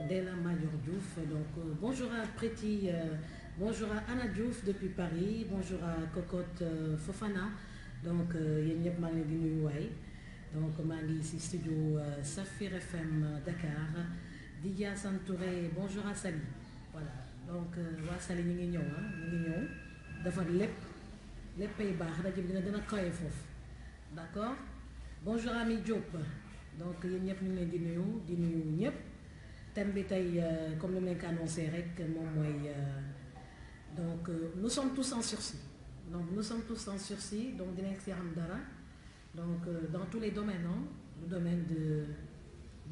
Della Major Diouf. Donc, euh, bonjour à Preti, euh, bonjour à Anna Diouf depuis Paris, bonjour à Cocotte euh, Fofana. Donc, euh, yéen ñëpp maa ngi nuyu waay donc maa ngi ci studio euh, Safir FM Dakar Didia Santouré bonjour à Sali voilà donc waa Sali ñu ngi ñëw ah ñu ngi ñëw defar lépp léppay baax rajo bi gën a kawe foofu d'accord bonjour Ami Diop donc yéen ñëpp ñu ngi leen di nuyu di nuyu ñëpp. thème bi tey euh, comme nu mu leen ko annoncé rek moom mooy euh, donc euh, nous sommes tous en sursis donc nous sommes tous en sursis donc dinañ dara donc dans tous les domaines non le domaine de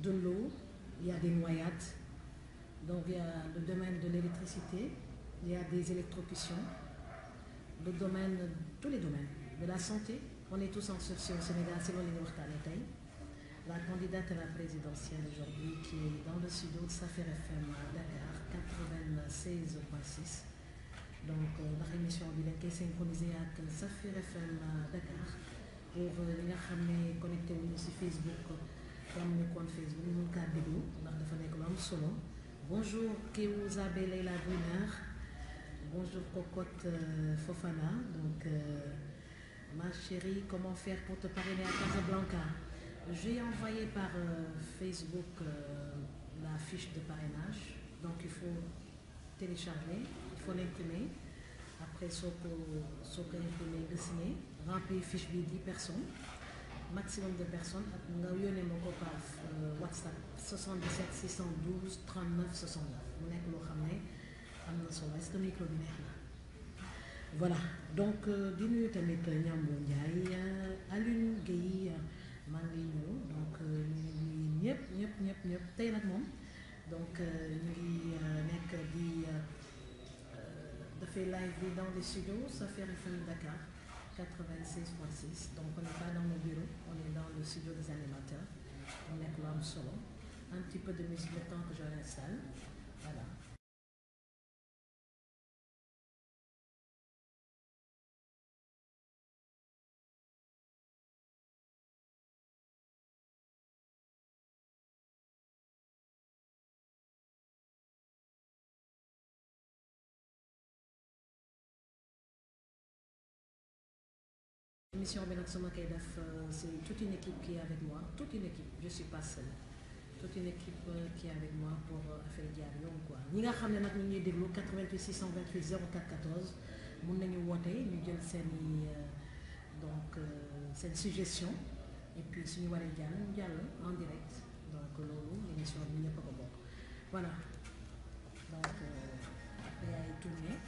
de l'eau il y des noyades le domaine de l'électricité il y des électrocutions le domaine tous les domaines de la santé on est tous en sursis au Sénégal si loolu la ñu waxtaanee tey la candidate à la présidentielle aujourd'hui qui est dans le studio de Safer FM Dakar 96.6 donc euh, ndax émission bi dañ koy synchroniser ak Safer FM Dakar pour euh, ñi nga xam ne connecté wuñu si Facebook comme ni kon Facebook ñu mun kaa déglu ndax dafa nekk lu am solo bonjour Kéwouzabé Leila Brunard bonjour Cocotte euh, Fofana donc ma chérie comment faire pour te parrainer à Casablanca J'ai envoyé par euh, Facebook euh, la fiche de parrainage. Donc il faut télécharger, il faut l'imprimer. Après, soo ko soo ko imprimé nga signé remplir fiche bi dix personnes maximum de personnes ak nga yónnee ma ko par euh, WhatsApp 77 nekk loo xam ne am na solo est-ce que micro bi neex na. voilà donc di nuyu tamit Niambo Ndiaye Alioune Guèye. man ngi lay nuyu donc euh, ñu ngi nuyu ñëpp ñëpp ñëpp ñëpp tey nag moom donc euh, ñu ngi euh, nekk di dafay live bi dans les studios Safari FM Dakar 96.6 donc on n'est pas dans mon bureau on est dans le studio des animateurs mu nekk lu solo un petit peu de musique le temps que je voilà. mission bi nag su ma koy def euh, c'est toute une équipe qui est avec moi toute une équipe je suis pas seule toute une équipe euh, qui est avec moi pour euh, affaire jaar yoon quoi ñi nga xam ne nag ñu ñuy déglu 88 628 04 14 mun nañu wootee ñu jël seen i donc seen suggestion et puis suñu waree jàll ñu jàll en direct donc loolu l'émission bi ñëpp a ko bokk voilà donc day tourner.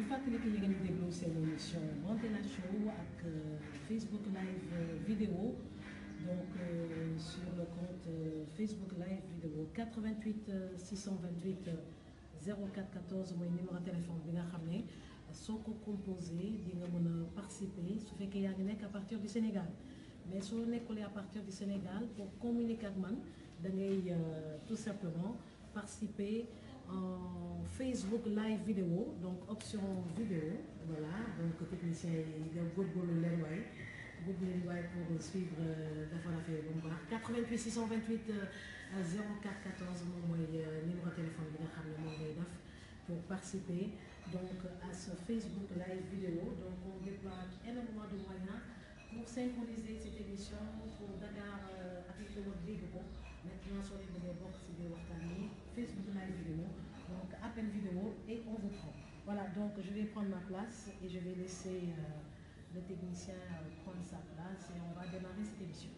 di fàttali que a ngi déglu seen émission Mandela Show ak euh, euh, euh, Facebook live vidéo donc sur le compte Facebook live vidéo 88 628 04 14 mooy bi nga xam ne soo ko composé di nga mën a participer su fekkee yaa nekk à partir Sénégal mais soo nekkulee à partir du Sénégal pour man da ngay tout simplement en Facebook live vidéo donc option vidéo voilà donc technicien yi nga góorgóorlu leen waay góorgóorlu leen waay pour suivre euh, dafa rafet ba mu baax 88 628 04 14 moom euh, on déploie énormément de moyens pour synchroniser cette émission pour Dakar euh, li ko wax dégg ko maintenant soo leen bëggee Facebook Live vidéo, donc appel vidéo et on vous prend. Voilà, donc je vais prendre ma place et je vais laisser euh, le technicien euh, prendre sa place et on va démarrer cette émission.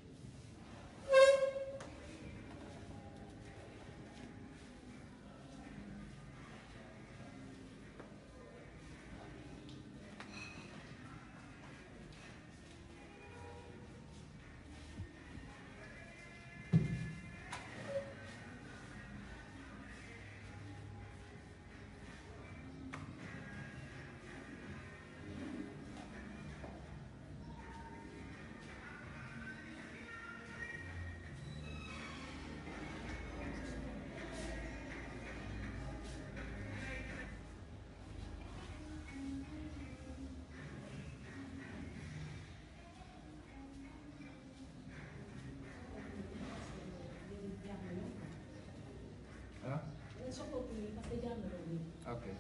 Okay.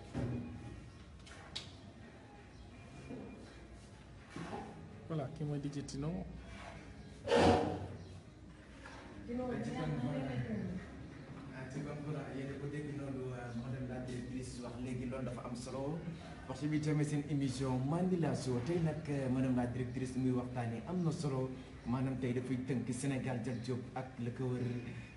voilà ki mooy DJ Tino. ci kon yéen ko wax léegi loolu dafa am solo parce que bi tamit émission Mandilation tey nag madame la directrice muy waxtaanee am na solo. maanaam tey dafay tënk Sénégal jat Diop ak la ko wër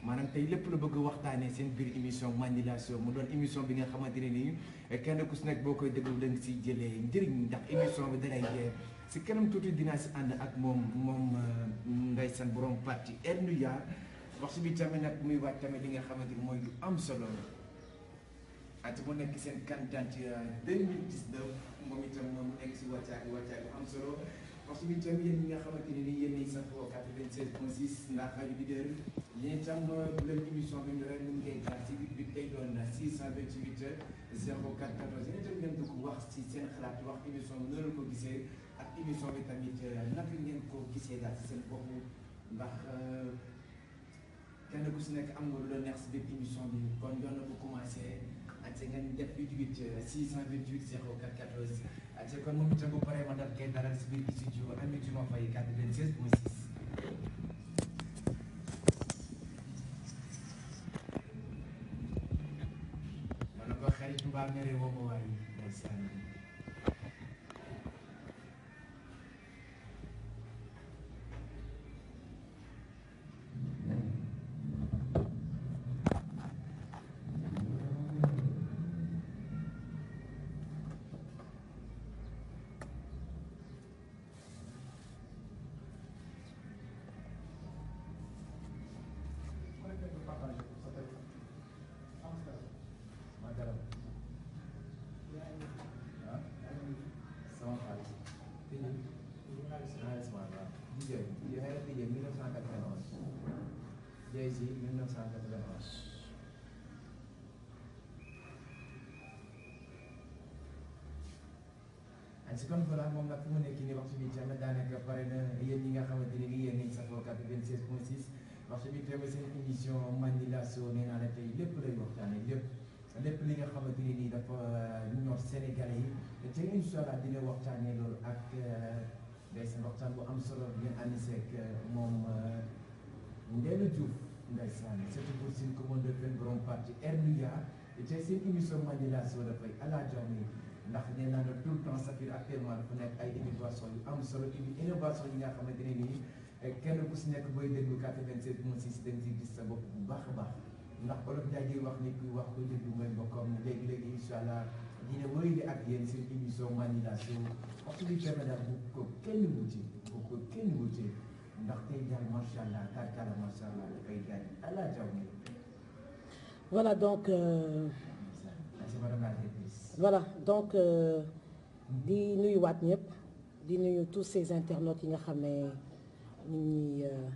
maanaam tey lépp lu bëgg waxtaanee seen biir émission Mandilation mu doon émission bi nga xamante ne nii kenn ku si nekk boo koy déglu da nga jëlee njëriñ ndax émission bi dalay si kanam tuuti dinaa si ànd ak moom moom euh, ngay san borom parti Elnuya wax si bi tamit muy waaj tamit li nga xamante ni mooy lu am solo at mu nekk seen candidat ci 2019 euh, moom itam moom mu nekk si wàccaay am solo parce que itam yéen ñi nga xamante ne nii yéen ñi safoo 96 point 6 ndax rajo leader yéen itam euh, bu leen émission bi ñu ren ñu ngi koy jaar ci bi day doon 628 04 14 yéen itam ngeen dugg wax ci seen xalaat wax émission bi noonu la ko gisee ak émission bi tamit euh, naka ngeen ko gisee daal ci seen bopp ndax euh, kenn ku si nekk am nga lu la neex si biir émission bi kon yoon na ko commencé ak ngeen def 88 628 04 14. ayca kon moom itam bu paree ma daf koy dalal si biir studio Ami Juma Faye 96 point 6. ma ne ko xarit tubaab ñëwee ko waaye. 13 yi 1991 si kon voilà moom nag fu mu nekk nii waxtu bi tamit daanaka pare na yéen ñi nga xamante ne nii yéen nañ safoo 96 point 6 waxtu bi tamit seen émission Mandela Show nee naa la tey lépp lay li nga xamante ne nii dafa ñor Sénégalais yi te incha allah dina waxtaanee loolu ak day seen waxtaan bu am solo ngeen ànd seeg uh, moom uh, Ndella e ndeysaan surtout pour suñu commande de benn borom parti RNUA tey seen émission Manilation dafay à la journée ndax nee naa ne tout le temps Safir actuellement dafa nekk ay innovation yu am solo yu innovation yi nga xamante ne nii eh, kenn ku si nekk booy déglu 87 point 6 da nga siy gis sa bopp bu a baax ndax olof Ndiaye di wax ni kuy wax ko déglu mooy bokkam léegi léegi incha allah dina wéy di ak yéen seen émission Manilation waxtu bi fenn daal bu ko kenn wuute bu ko kenn wuute. ndax allah kàrkala voilà donc. Euh... voilà donc euh, di nuyuwaat ñëpp di nuyu tous ces internautes yi nga xam ne ñu ngi euh,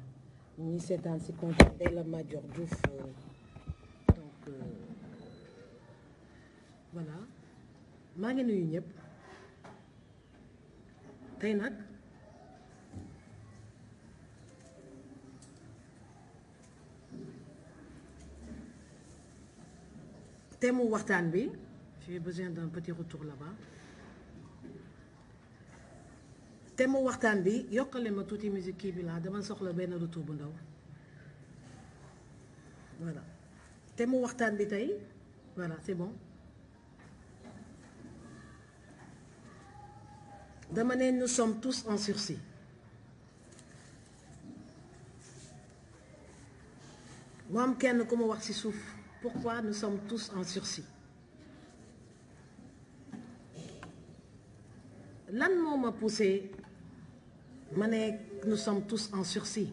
ñu ngi seetaan si compte Ndella Madior euh, donc voilà maa ngi nuyu ñëpp tey nag. thème waxtaan bi j'ai besoin d'un petit retour là-bas thème waxtaan bi yokkale ma tuuti musique kii bi laa dama soxla benn retour bu ndaw voilà thème waxtaan bi tey voilà c'est bon dama ne nous sommes tous en sursis mu kenn ku ma wax ci suuf pourquoi nous sommes tous en sursis lan moo ma poussé ma ne nous sommes tous en sursis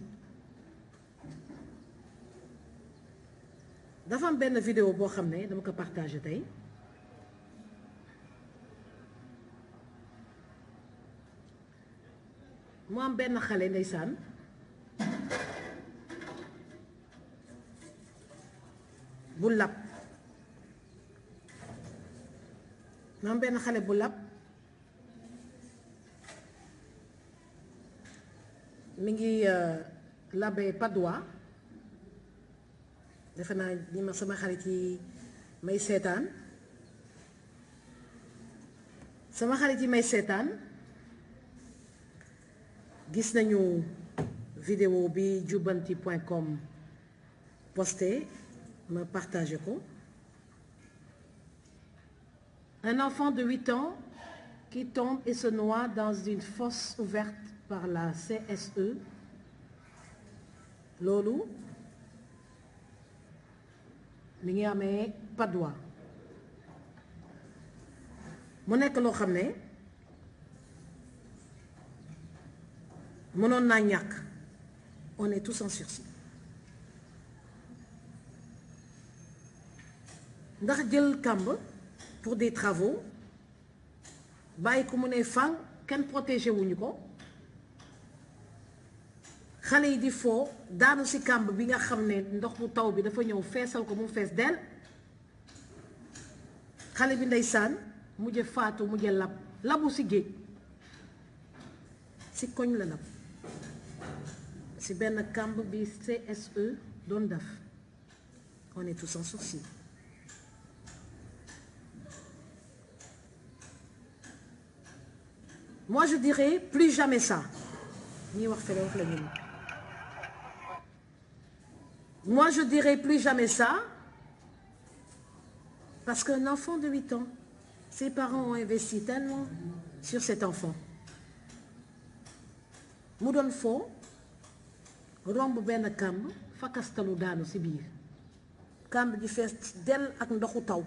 dafa am benn vidéo boo xam ne dama ko partagé tey mu am benn xale ndeysaan bu lab maam benn xale bu lab mi ngi euh, labee Padois defe naa ñi ma sama xarit yi may seetaan sama xarit yi may seetaan gis nañu vidéo bi jubbanti point com ma partagé ko un enfant de 8 ans qui tombe et se noie dans une fosse ouverte par la CSE loolu mi ngi amee Padoa mu nekk loo xam ne mënoon naa ñàkk on est tous en sursis ndax jël kàmb pour des travaux bàyyi ko mu ne fang kenn protégé wuñu ko xale yi di foo daanu ci kàmb bi nga xam ne ndox mu taw bi dafa ñëw feesal ko mu fees dell xale bi ndeysaan mujje faatu mujje lab labu si géej si koñ la lab si benn kàmb bi CSE doon def on moi je dirais plus jamais ça ñuy wax fële je dirais plus jamais ça parce qu'un enfant de 8 ans ses parents ont investi tellement sur cet enfant mu doon foo romb benn kàmb fakkastalu daanu ci biir kàmb gi fees dell ak ndoxu taw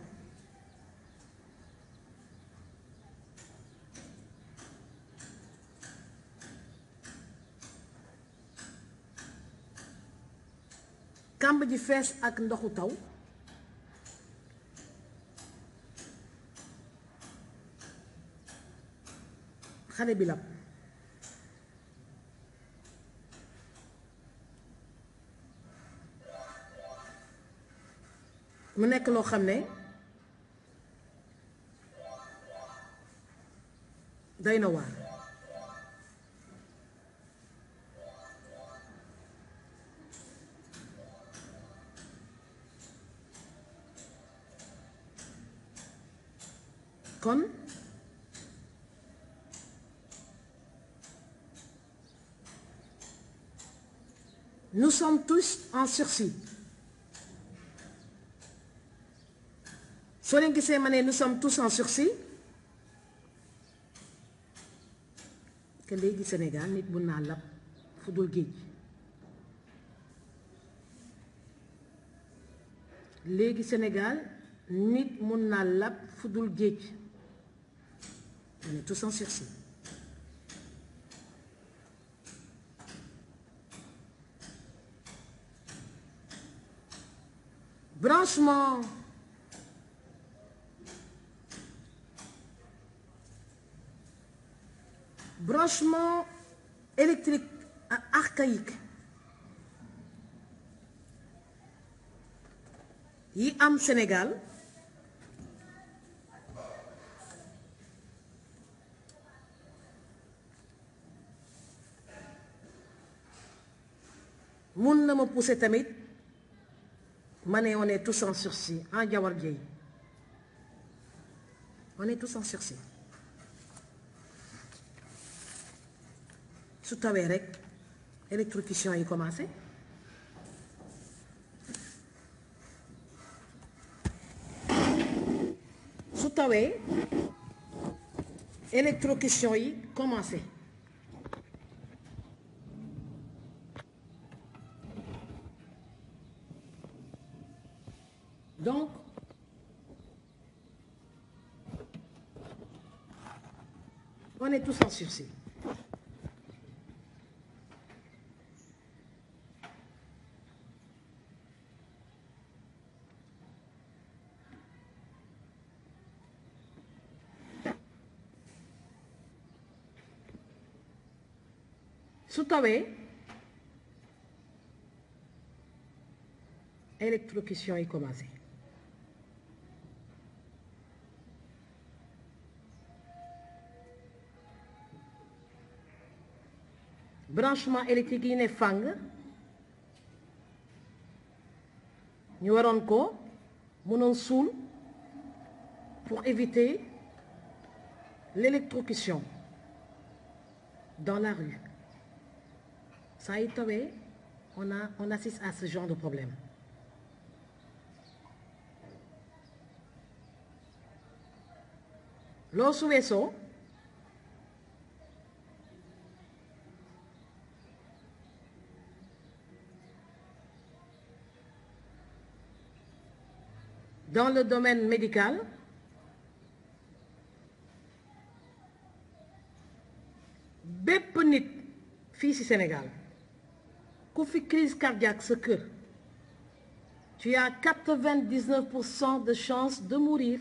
kàmb ji fees ak ndoxu taw xale bi lab mu nekk loo xam ne day na waar bekommen? Nous sommes tous en sursis soo leen gisee ma ne nous sommes tous en sursis que léegi Sénégal nit mun naa lab fu dul géej léegi Sénégal nit mun naa lab fu dul géej On est tous en sursis. Branchement. Branchement électrique archaïque. yi am Sénégal ma poussé tamit ma ne on est tous en sursis ah Diawar Dieye on est tous en sursis su tawee rek électrocution yi commencé su tawee électrocution yi commencé met tous en sursis. su tawee yi commencé branchement électrique yi ne fàng ñu waroon ko mënoon suul pour éviter l'électrocution dans la rue saa yu tawee on assiste à ce genre de problème loo su weesoo dans le domaine médical bépp nit fii ci Sénégal ku fi sa kër tu vingt dix neuf pour cent de chance de mourir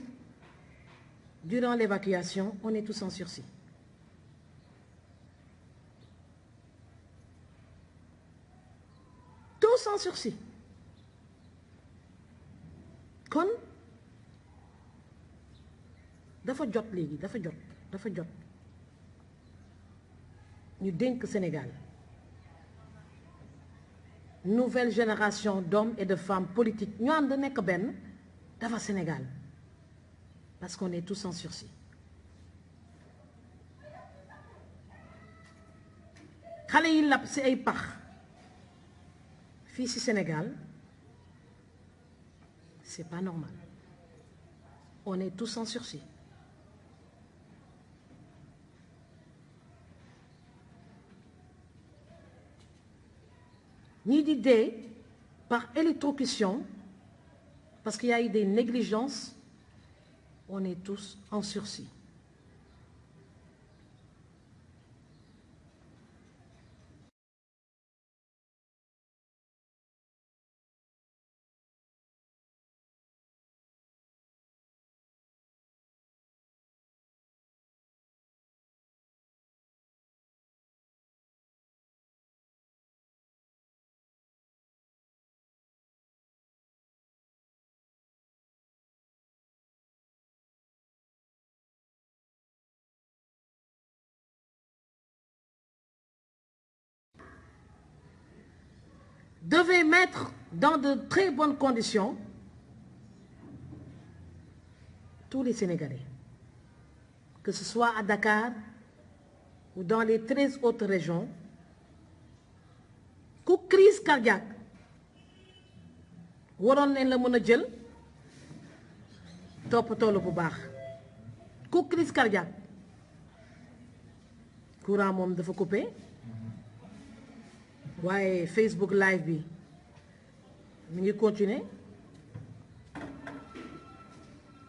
durant l'évacuation on est tous kon dafa jot léegi dafa jot dafa jot ñu dénk Sénégal nouvelle génération d'hommes et de femmes politiques ñu ànd nekk benn dafa Sénégal parce qu'on est tous en sursis xale yi lab ci ay pax fii ci Sénégal C'est pas normal. On est tous en sursis. ñii di dee par électrocution parce qu'il y a eu des négligences on est tous en sursis devait mettre dans de très bonnes conditions tous les Sénégalais, que ce soit à Dakar ou dans les 13 autres régions, ku crise cardiaque waroon nañ la mën a jël toppatoo la bu baax ku crise cardiaque courant moom dafa coupé waaye Facebook live bi mu ngi continue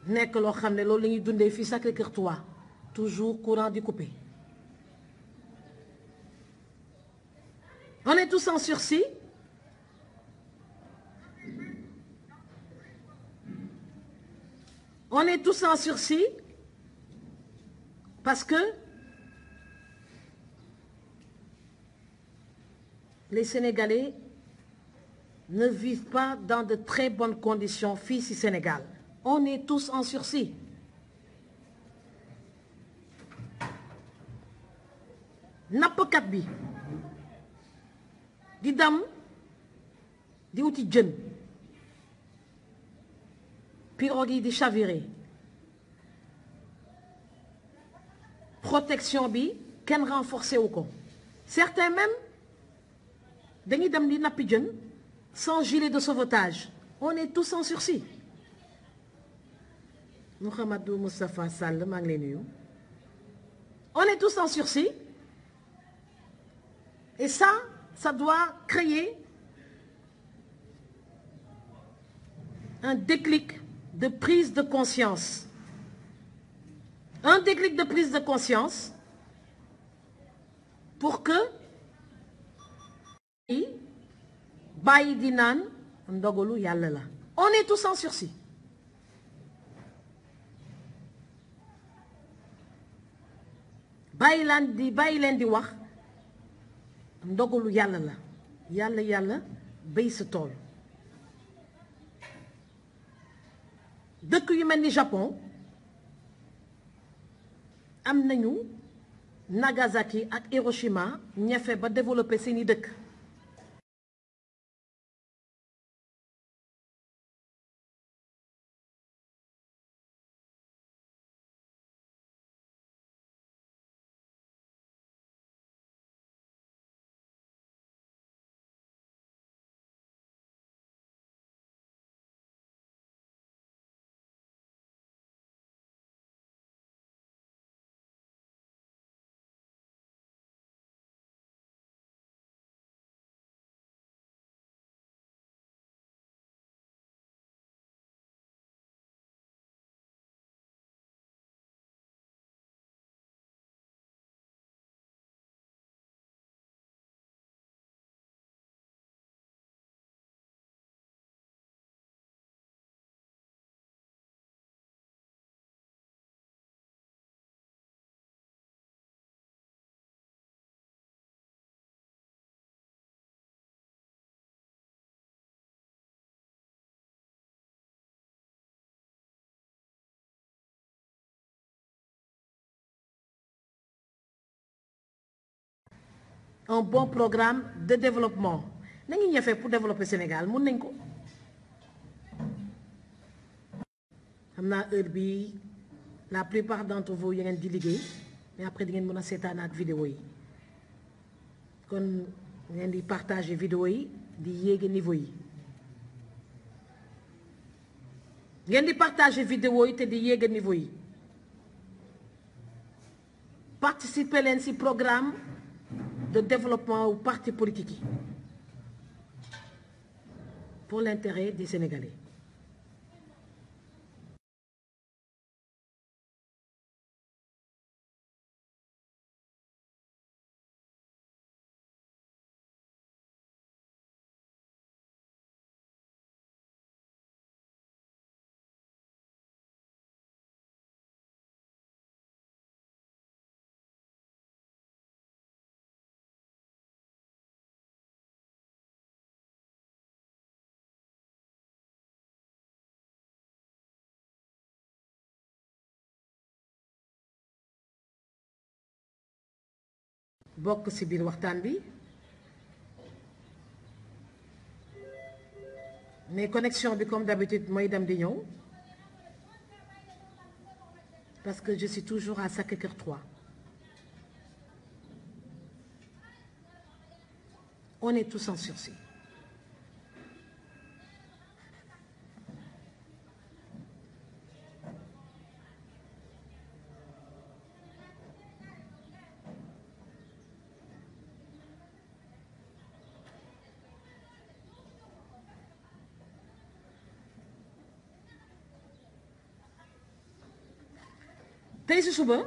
nekk loo xam ne loolu la ñuy dundee fii Sacré-Cœur 3 toujours courant di coupé on est tous en sursis on est tous en sursis parce que les Sénégalais ne vivent pas dans de très bonnes conditions fii ci Sénégal on est tous en sursis nappkat bi di dam di wuti jën pirogue yi di chavirer protection bi kenn renforcé wu ko certains même dañuy dem di nappi jën sans gilet de sauvetage on est tous en sursis Mouhamadou Moustapha Sall maa ngi lay nuyu on est tous en sursis et ça ça doit créer un déclic de prise de conscience un déclic de prise de conscience pour que bàyyi di naan ndogalu yàlla la on di wax ndogalu yàlla la yàlla yàlla béy sa tool dëkk yu mel ni Japon am nañu Nagasaki ak Hiroshima ñefe ba développé seeni dëkk un bon programme de développement nañu ñëfe pour développer Sénégal mun nañ ko xam naa heure bi la plupart d'entre vous ngeen di liggéey mais après di ngeen mën a seetaanaat vidéo yi kon ngeen di partager vidéo yi di yéege niveau yi ngeen di partage vidéo yi te di yéege niveau yi participer leen si programme de développement wu parti politique yi pour l'intérêt des Sénégalais bokk ci biir waxtaan bi mais connexion bi comme d'habitude mooy dem di ñëw parce que je suis toujours à Sacré-Cœur 3 on est tous en sursis tey suba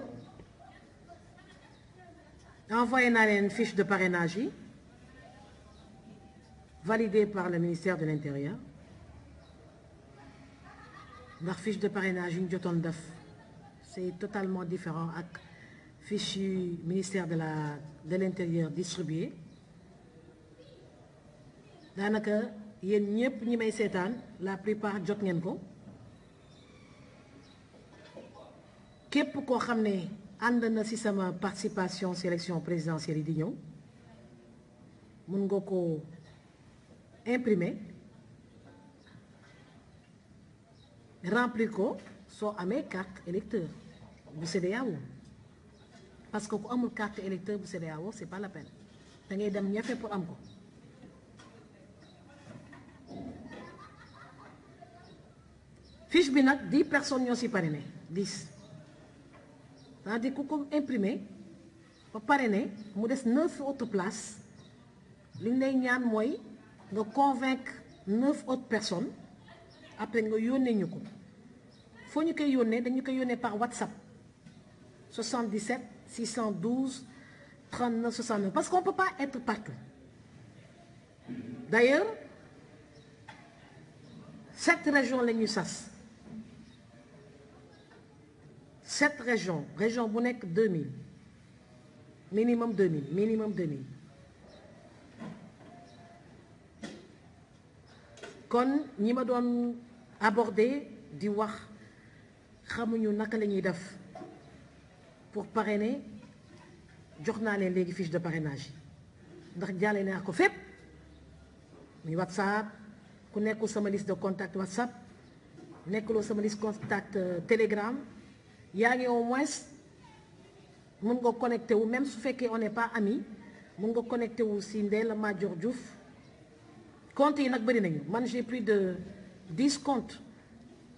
envoyé naa leen fiche de parrainage yi validée par le ministère de l'intérieur ndax fiche de parrainage yi ñu jotoon def c'est totalement différent ak fiche yu ministère de la de l'intérieur distribué daanaka yéen ñëpp ñi may seetaan la plupart jot ngeen ko képp koo xam ne ànd na si sama participation ci élection présidentielle yi di ñëw mun nga ko imprimer remplir ko soo amee carte électeur bu CEDEAO parce que ku amul carte électeur bu CEDEAO c'est pas la peine da ngay dem ñafe pour am ko fiche bi nag di personne ñoo ci parrainé dix cest à ku ko imprimé ba pare ne mu des neuf autres place li ñu ñaan mooy nga convaincre neuf autres personnes après nga yónnee ñu ko foo ñu koy yónnee dañu koy yónnee par WhatsApp 77 612 39 69 parce que peut pas être partout d'ailleurs set régions la ñu sas sept région région bu nekk 2000 minimum 2000 minimum 2000 kon ñi ma doon abordé di wax xamuñu naka la ñuy def pour parrainer jox naa leen léegi fiche de parrainage yi ndax jàlle naa ko fépp muy WhatsApp ku nekkul sama liste de contact WhatsApp nekkuloo sama liste contact euh, Telegram. yaa ngi au moins mun nga connecté wu même su fekkee on ne pas ami mun nga connecté wu si Ndella Madior Diouf compte yi nag bëri nañu man j'ai plus de dix comptes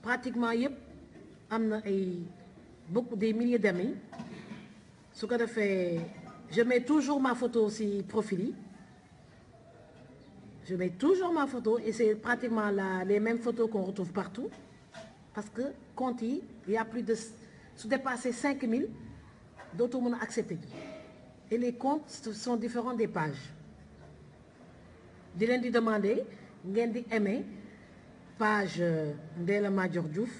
pratiquement yëpp am na ay beaucoup des milliers d'amis su ko defee je mets toujours ma photo si profil yi je mets toujours ma photo et c'est pratiquement la les mêmes photos qu'on retrouve partout parce que conti yi il plus de su dépassé 5000 dootoo mën a accepté ji et les comptes sont différents des pages di leen di demander ngeen di aimer page euh, Ndella Madior Diouf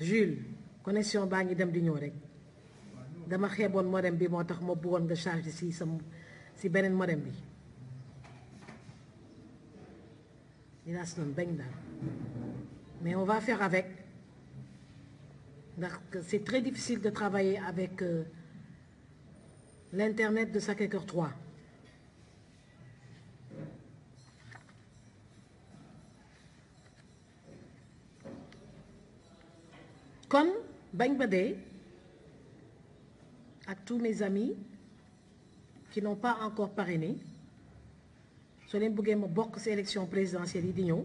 Jules connexion baa ngi dem di ñëw rek dama xeeboon modem bi moo tax ma buggoon nga charge si sam si beneen modem bi lilaas noonu bañ daal mais on va faire avec ndax c'est très difficile de travailler avec euh, l'internet de Sacré-Cœur 3 kon bañ ba dee ak tous mes amis qui n'ont pas encore parrainé soo leen bëggee ma bokk ci élection présidentielle yi di ñëw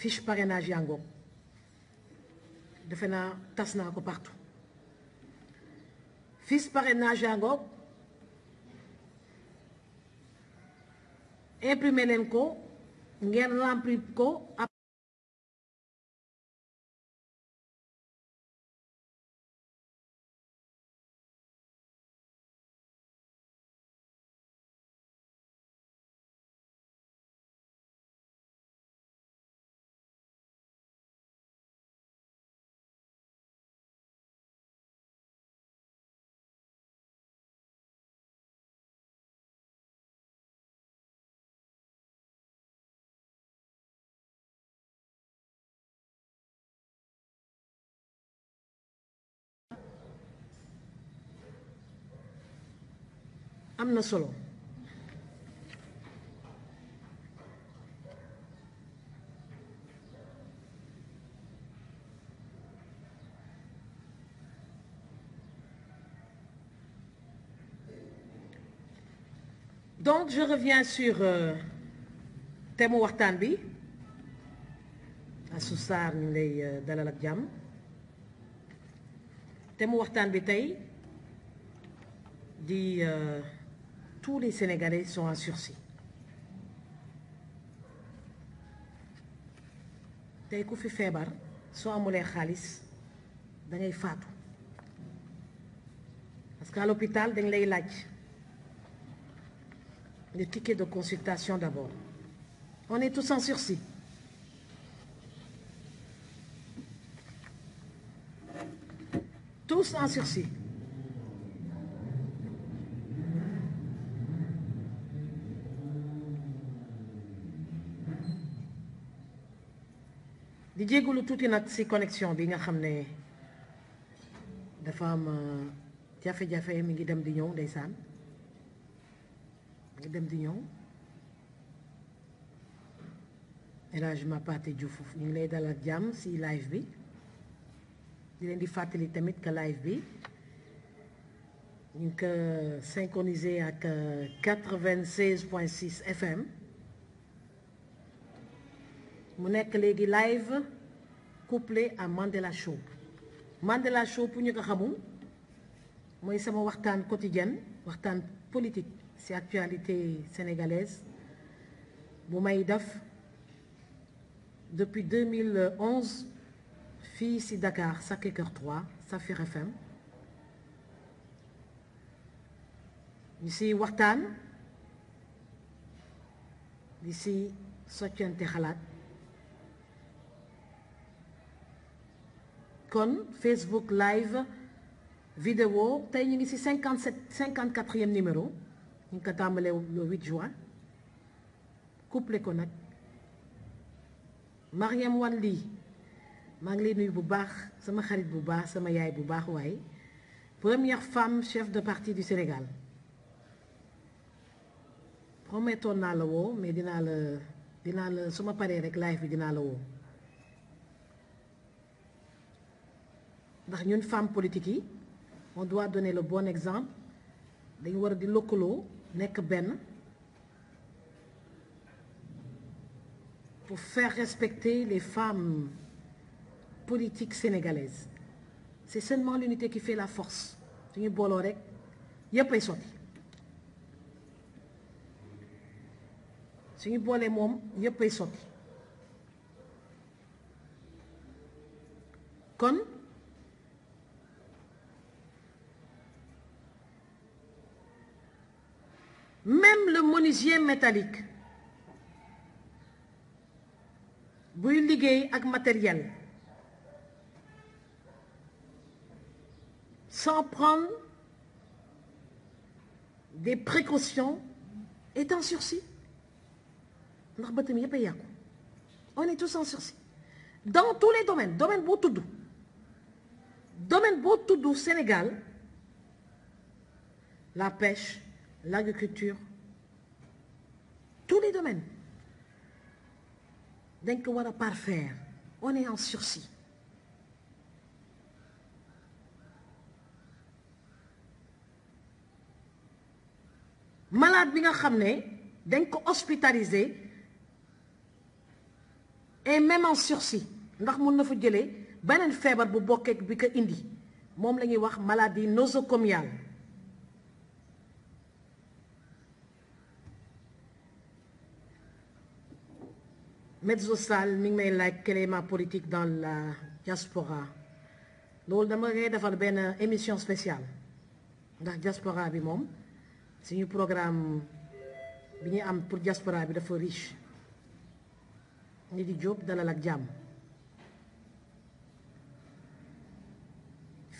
fiche parrainage yaa ngoog defe naa tas naa ko partout fiche parrainage yaa ngoog imprimer leen ko ngeen remplir ko am na solo donc je reviens sur euh, thème mu waxtaan bi Astou Sarr ñu lay euh, dalal ak jàmm thème mu waxtaan bi tey di. Euh, tous les Sénégalais sont en sursis tey ku fi feebar soo amulee xaalis da ngay faatu parce que à dañ lay laaj le ticket de consultation d'abord on est tous en sursis tous en sursis di jégalu tuuti nag si connexion bi nga xam ne dafa am euh, jafe-jafe mi ngi dem di ñëw ndeysaan mi ngi dem di ñëw érangement Pathé Diouf ñu ngi lay dalal jàmm si live bi di leen di fàttali tamit que live bi ñu ngi ko synchronisé ak 96.6 euh, FM mu nekk léegi live couplé à Mandela Show Mandela Show pour ñu ko xamul mooy sama waxtaan quotidien waxtaan politique ci actualité sénégalaise bu may def depuis 2011 fii ci Dakar Sacré-Cœur 3 Safir FM ñu ci waxtaan di ci soccante xalaat kon Facebook live vidéo tey ñu ngi ci 57 54e numéro ñu ngi ko tàmbalee le 8 juin couplé ko nag Mariam wan lii maa ngi lay nuyu bu baax sama xarit bu baax sama yaay bu baax waaye première femme chef de parti du Sénégal promettoon naa la woo mais dinaa la dinaa la su ma paree rek live bi dinaa la woo ndax ñun femme politiques yi on doit donner le bon exemple dañ war a di lëkkaloo nekk benn pour faire respecter les femmes politiques sénégalaises c'est seulement l'unité qui fait la force suñu booloo rek yépp ay sotti suñu boolee moom yépp ay sotti kon même le menuisier métallique buy liggéey ak matériel sans prendre des précautions est en sursis ndax bëtam yëpp a yàqu on est tous en sursis dans tous les domaines domaine boo tudd domaine boo tudd Sénégal la pêche l'agriculture tous les domaines dañ ko war a parfaire on est en sursis malade bi nga xam ne dañ ko hospitaliser et même en sursis ndax mun na fa jële beneen feebar bu bokkee bi ko indi moom la ñuy wax maladie nosocomiale Mezzo Sall mi ngi may laaj climat politique dans la diaspora loolu dama ngay defal benn émission spéciale ndax diaspora bi moom suñu programme bi ñuy am pour diaspora bi dafa riche ni di jóob dalal ak jàmm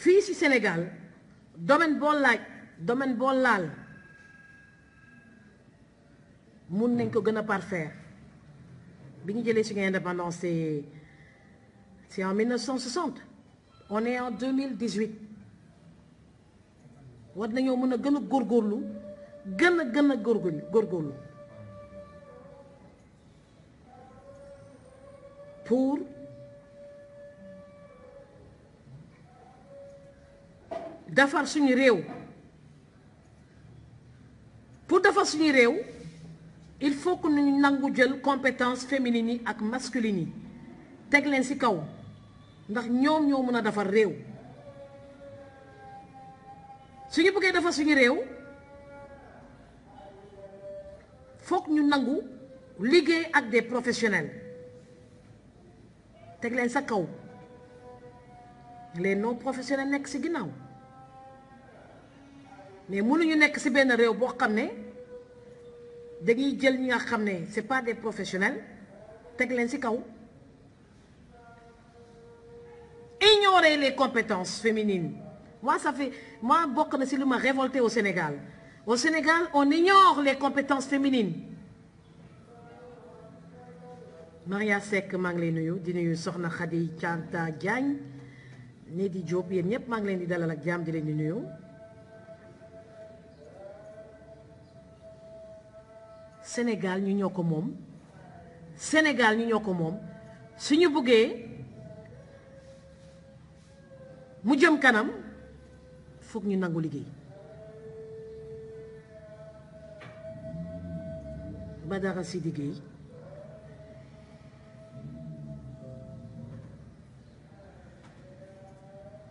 fii si Sénégal domaine boo laaj domaine boo laal mun nañ ko gën a parfaire bi ñu jëlee suñu indépendance c'est c'est en 1960 on est en 2018 war nañoo mën a gën a góorgóorlu gën a gën a góorgóorlu góorgóorlu pour defar suñu réew pour defar suñu réew. il faut que ñu nangu jël compétence féminine yi ak masculine yi teg leen ci kaw ndax ñoom ñoo mën a defar réew suñu bëggee defar suñu réew foog ñu nangu liggéey ak des professionnels teg leen sa kaw les non professionnels nekk ci ginnaaw mais mënuñu nekk ci benn réew boo xam ne dañuy jël ñi nga xam ne c'est pas des professionnels teg leen ci kaw ignorer les compétences féminines moi ça fait moi bokk na si lu ma révolté au Sénégal au Sénégal on ignore les compétences féminines Maria Seck maa ngi lay nuyu di nuyu Soxna Khady canta Diagne ne di Diop yéen ñëpp maa ngi leen di dalal ak jàmm di leen di nuyu Sénégal ñu ñoo ko moom Sénégal ñu ñoo ko moom suñu buggee mu jëm kanam foog ñu nangu liggéey Badara si liggéey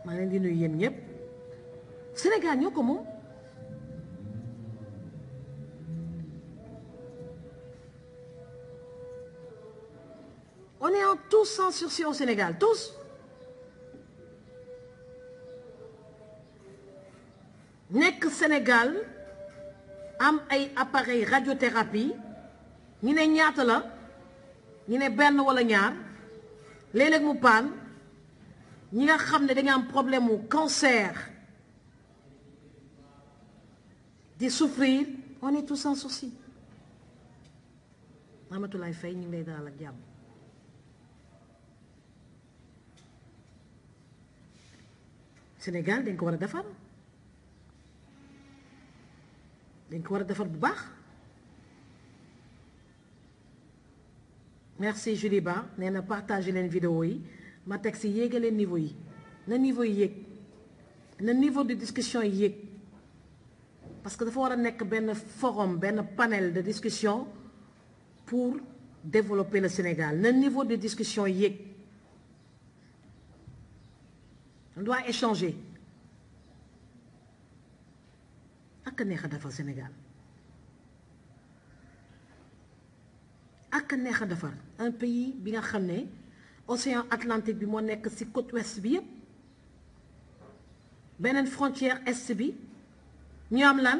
maa leen di nuyu yéen ñëpp Sénégal ñoo ko moom On est en tous sans sursis au Sénégal, tous. nekk Sénégal am ay appareil radiothérapie ñu ne ñaata la ñu ne benn wala ñaar léeg-léeg mu paan ñi nga xam ne dañu am problème mu cancer di souffrir on est tous sans souci Ramatoulaye Faye ñu ngi lay ak jàmm Sénégal dañ ko war a defar dañ ko war a defar bu baax merci Julie Ba nee na partage leen vidéo yi ma teg si yéega leen niveau yi na niveau yéeg na niveau de discussion yéeg parce que dafa war a nekk benn forum benn panel de discussion pour développer le Sénégal na niveau de discussion yéeg on doit échanger ak neex a defar Sénégal ak neex a defar un pays bi nga xam ne océan Atlantique bi moo nekk ci côte ouest bi yépp beneen frontière est bi ñu am lan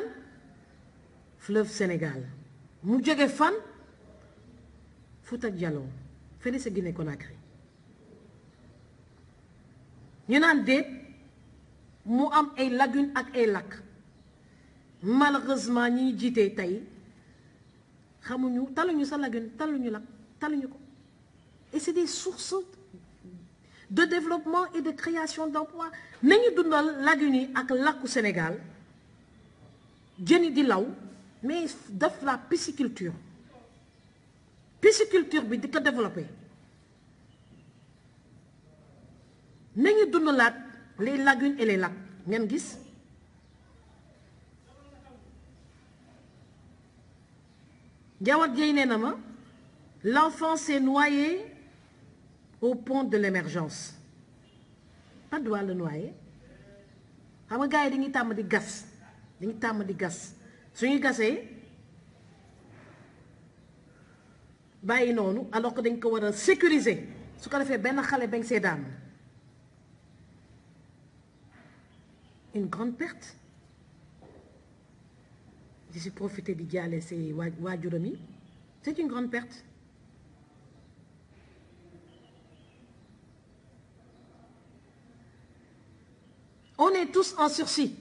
fleuve Sénégal mu jóge fan Fouta Djallon fële sa Guinée Conakry ñu naan déet mu am ay lagune ak ay lakk malheureusement ñi ñu jiitee tey xamuñu taluñu sa lagune taluñu lakk taluñu ko et c'est des sources de développement et de création d'emploi nañu dundal lagune yi ak lakku Sénégal yi di law mais daf la pisciculture pisciculture bi di ko développer ni nañu dundalaat les lagunes et les lacs ngeen gis jawat jey nee na ma l'enfant s'est noyé au pont de l'émergence Patte-d'Oie la noyé xam nga gars yi dañuy tàmm di gas dañuy tàmm di gas suñuy gasee bàyyi noonu alors que dañ ko war a sécuriser su ko defee benn xale bañ see daanu une grande perte di si profité di jaale si waa waajuram yi c'est une grande perte on est tous en sursis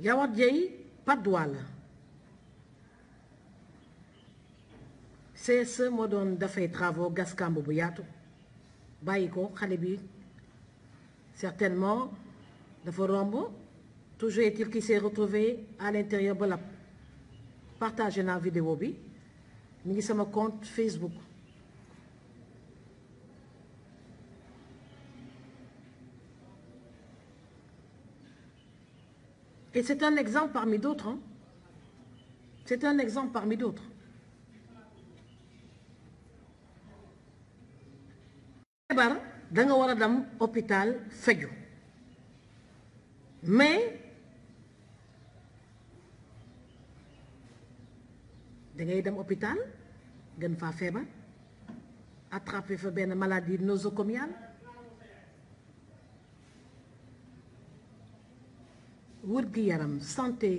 Yawat Dieye Patte d'Oie la CSE moo doon dafay travaux gas kàmb bu yaatu bàyyi ko xale bi certainement dafa romb toujours est-il qu'il s'est retrouvé à l'intérieur ba lab partagé naa vidéo bi mu ngi sama compte Facebook Et c'est un exemple parmi d'autres. Hein. C'est un exemple parmi d'autres. feebar da nga war a dem hôpital feju mais dangay ngay dem hôpital gën faa feebar attraper fa benn maladie nosocomiale wërgu yaram santé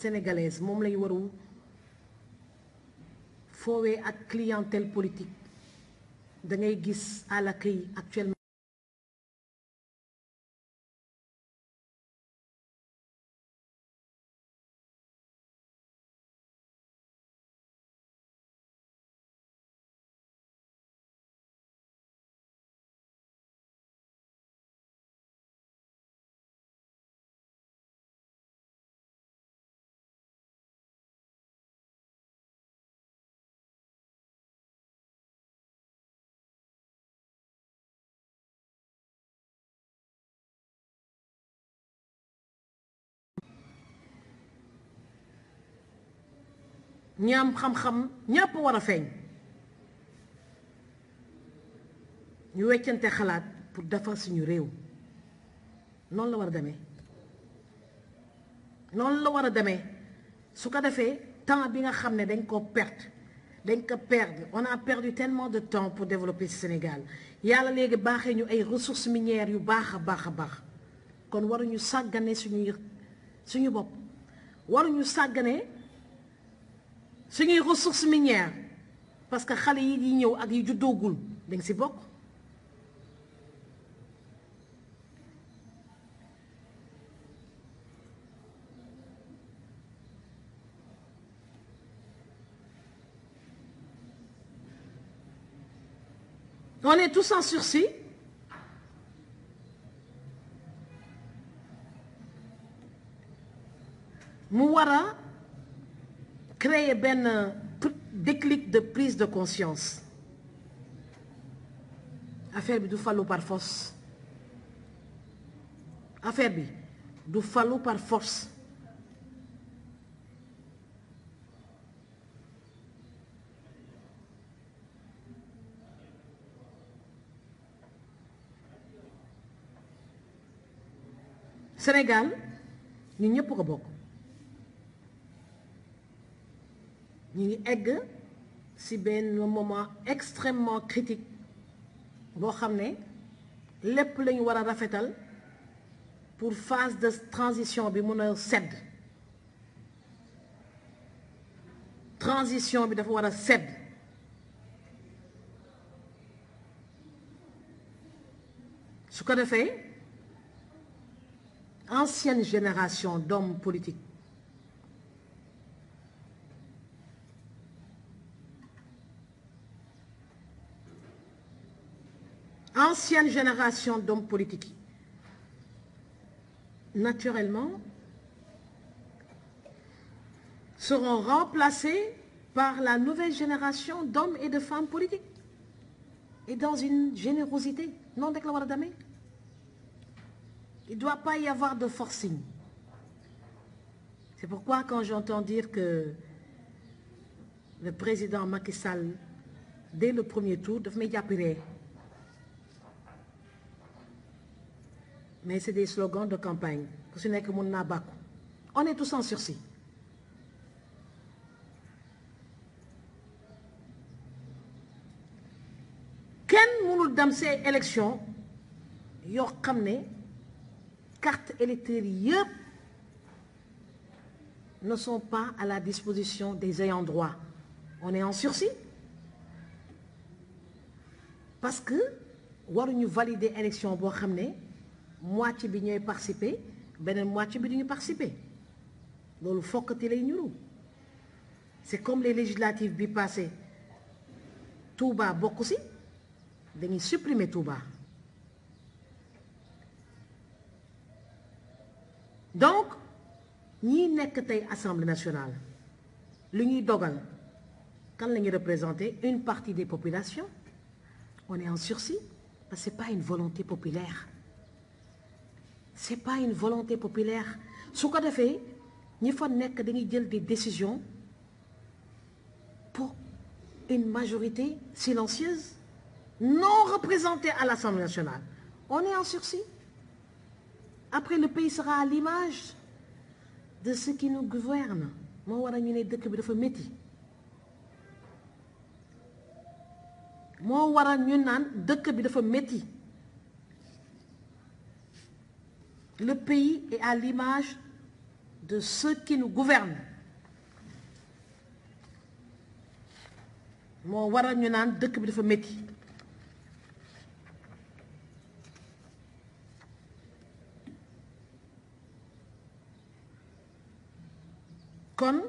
sénégalaise moom lañu waru foowee ak clientèle politique da ngay gis à l'accueil actuellement ñam am xam-xam ñépp war a feeñ ñu weccante xalaat pour defar suñu réew noonu la war a demee noonu la war a deme su ko defee temps bi nga xam ne dañ koo perte dañ ko perdre on a perdu tellement de temps pour développer ci Sénégal yàlla léegi baaxee ñu ay ressources minière yu baax a baax a baax kon waruñu sàggane suñu suñuy suñu bopp waruñu sàggane suñuy ressources minières parce que xale yi di ñëw ak yi juddoogul dañ si bokk on mu war créer benn déclic de prise de conscience affaire bi du falu par force affaire bi du fallu par force Sénégal ñu ñëpp ko bokk ñu ngi egg ci benn moment extrêmement critique boo xam ne lépp lañu war a rafetal pour phase de transition bi mun a sedd transition bi dafa war a sedd su ko defee ancienne génération d'hommes politique ancienne génération d'hommes politiques yi naturellement seront remplacés par la nouvelle génération d'hommes et de femmes politiques et dans une générosité non rek la war a demee il doit pas y avoir de forcing c'est pourquoi quand j'entends dire que le président Macky Sall dès le premier tour daf may jàppiree mais c'est des slogans de campagne ku si nekk mun naa bàkku on est tous en sursis kenn mënul dem see élection yoo xam ne carte électeur yi yëpp ne sont pas à la disposition des ayants droit on est en sursis parce que waruñu valider élection boo xam ne moitié bi ñooy participer beneen moitié bi du ñu participer loolu fokkati lay ñuru c'est comme les législatives bi passé Touba bokk si dañuy supprimer Touba donc ñi nekk tey assemblée nationale lu ñuy dogal kan lañuy ñuy représenter une partie des populations on est en sursis parce que c'est pas une volonté populaire c'est pas une volonté populaire su ko defee ñi fa nekk dañuy jël des décisions pour une majorité silencieuse non représentée à l'Assemblée nationale on est en sursis après le pays sera à l'image de ceux qui nous gouvernent moo waral ñu ne dëkk bi dafa métti moo waral ñu naan dëkk bi dafa métti le pays est à l'image de ceux qui nous gouvernent moo waral ñu naan dëkk bi dafa métti kon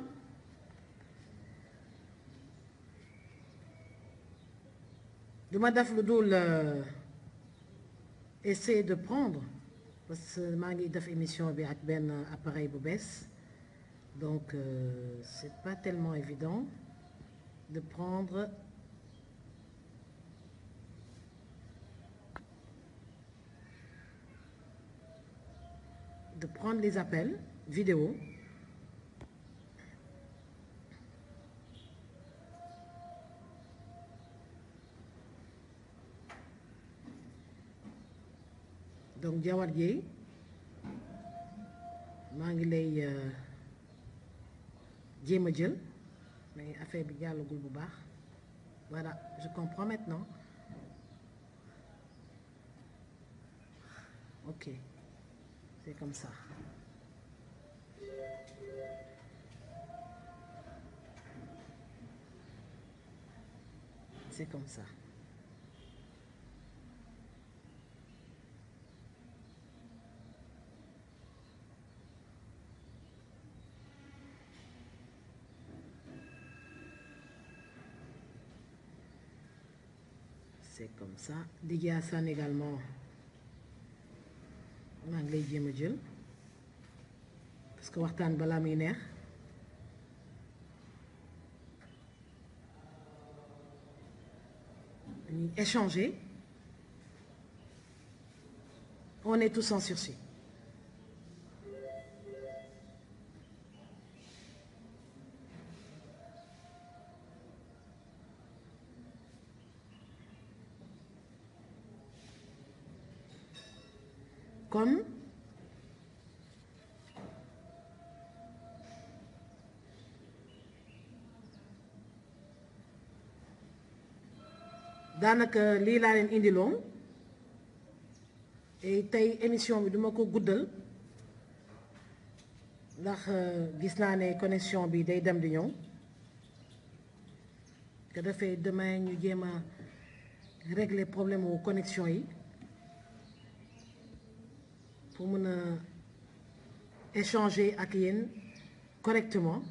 du ma def lu dul euh, essayer de prendre parce que maa ngi def émission bi ak benn appareil bu bees donc euh, c'est pas tellement évident de prendre de prendre les appels vidéo donc jawar Dieye maa ngi lay euh, jéem a jël mais affaire bi jàllagul bu baax voilà je comprends maintenant ok c'est comme ça c'est comme ça Didiassane également maa ngi lay jéem a jël parce que waxtaan balaa muy neex dañuy échanger on est tous en sursis kon daanaka lii laa leen indiloon tey émission bi duma ko guddal ndax euh, gis naa ne connexion bi day dem di ñëw que dafay demain ñu jéem a problème wu connexion yi pour mën a échanger ak yéen correctement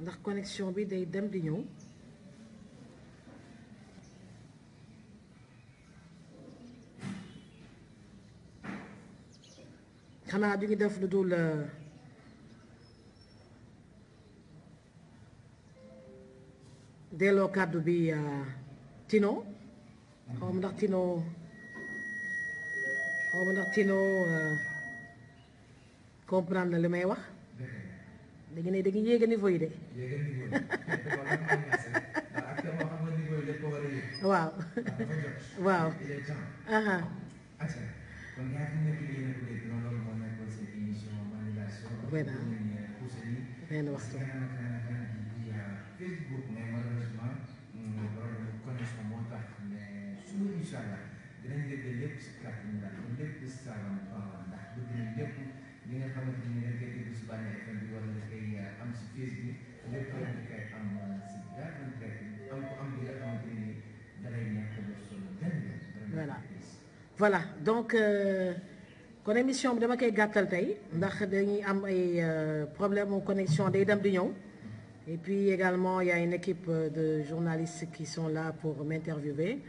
ndax connexion bi day dem di ñëw xanaa du ñu def lu dul euh, delloo kàddu bi euh, Tino xaw ma ndax tinoo xaw ma ndax tinoo euh, comprendre na li may wax da ne da ngeen yéega niveau yi de. waaw waaw. voilà. benn waxtu. incha allah dinañ yëg lépp si kàddu ñu daal lépp si saabam faawaan ndax bëgg nañ lépp li nga xamante ni dañ koy déglu si bànneex FM bi wala dafay am si Facebook lépp rek di koy am si gàttal rek am ko am li nga xamante ni dalay ñàkk a def solo benn voilà voilà donc euh, kon émission bi dama koy gàttal tey ndax dañuy am ay euh, problème mu connexion day dem di ñëw et puis également il y a une équipe euh, de journalistes qui sont là pour m'interviewer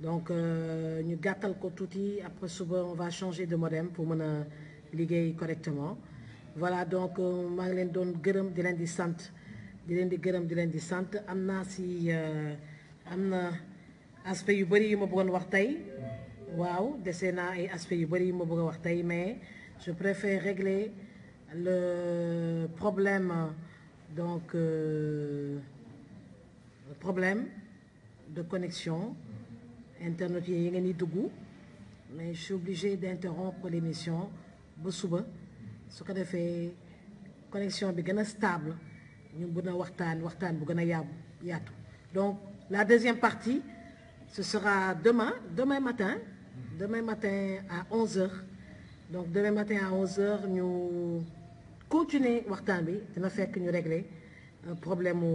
donc euh, ñu gàttal ko tuuti après suba on changer de modem pour mën a liggéey correctement voilà donc euh, maa ngi leen doon gërëm di leen di sant di leen di gërëm di leen di sant am naa si euh, am na aspect yu bëri yu ma bëggoon wax tey waaw dese naa ay aspect yu bëri yu ma bëgg a wax tey mais je préfère régler le problème donc le problème de connexion internet yi ngeen di dugg mais je suis obligée d'interrompre l'émission ba suba su ko defee connexion bi gën a stable ñu gën a waxtaan waxtaan bu gën a yàbbu yaatu donc la deuxième partie ce sera demain demain matin demain matin à 11h donc demain matin à 11h ñu continuer waxtaan bi dina fekk ñu régler euh, problème